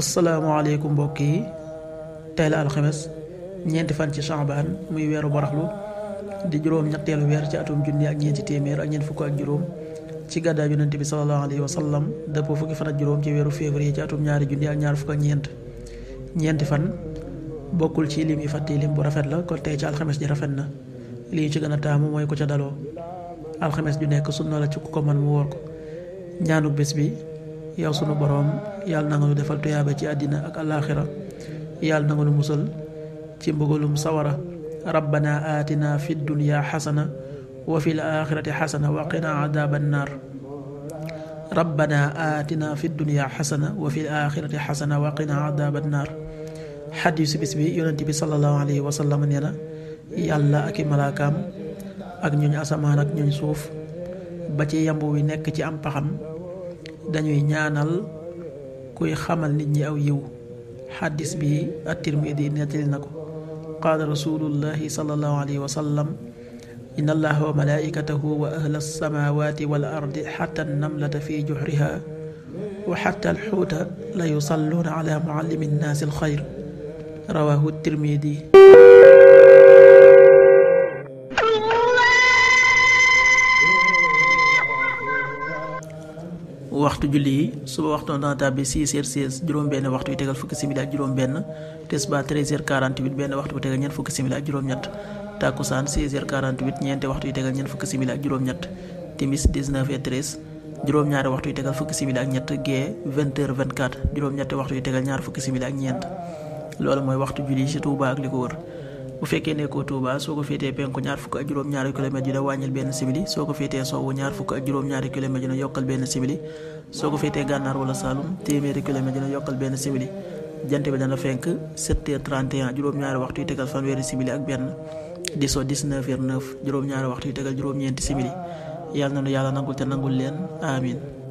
asalaamaaleykum mbokk yi tey la alxames ñeenti fan ci chambaan muy weeru baraxlu di juróom ñetteelu weer ci atum junni ak ñeenti téeméer ak ñeent fukk ak juróom ci gàddaay yonent bi sallallahu alayhi wa sallam dëppoo fukki fan ak juróom ci weeru février ci atum ñaari junni ak ñaar fukk ak ñeent ñeenti fan bokkul ci lim yi fa lim bu rafet la kon tey ci alxames ji rafet na lii ci gën a taamu mooy ko ca daloo alxames ju nekk sunna la ci ku ko man mu wóor ko ñaanu bés bi yow sunu boroom yàlla na nga nu defal tuyaaba ci àddina ak alaaxira yàlla na nga musal ci mbugalum sawara rabbana aatina fi dunya xasana wa fi laaxirati xasana wa qina adaaba annaar rabbana bi yonent bi sallallahu alayhi wa sallam yàlla ak malaakaam ak ñooñu asamaan ak ñooñu suuf ba ci yamb wi nekk ci am paxam dañuy ñaanal kuy xamal nit ñi aw yiw xaddis bi at-Tirmidi nettali na ko qaala rasulullahi sallallahu alayhi wa sallam inna allaha wa malaikatahu wa ahla alsamawati wal ardi xata annamlata fi juxriha wa xata alxuuta la yusalluuna ala muallimi nnaasi alxayr rawahu at-Tirmidi waxtu julli yi suba waxtu dana tàbbi 6h16 juróom-benn waxtu yu tegal fukki simili ak juróom-benn tisba 13h48 benn waxtu bu tegal ñeent fukki simili ak juróom-ñett timis 19h13 juróom-ñaari waxtu yu tegal fukki simili ak ñett gee 20h24 juróom-ñetti waxtu yu tegal ñaar fukki simili ak ñeent loolu mooy waxtu julli ci Tuuba ak li ko wër bu fekkee nekkoo Touba soo ko féetee penku ñaar fukk ak juróom-ñaari kilomètres dina wàññil benn simili soo ko féetee sowwu ñaar fukk ak juróom-ñaari kilomètres dina yokkal benn simili soo ko féetee gànnaar wala Saalum téeméeri kilomètres dina yokkal fenk 7h31 juróom-ñaari waxtu yu tegal fanweeri ak benn di so 19h09 juróom-ñaari waxtu yu tegal juróom-ñeenti simili yàlla na nu yàlla nangul te nangul leen amin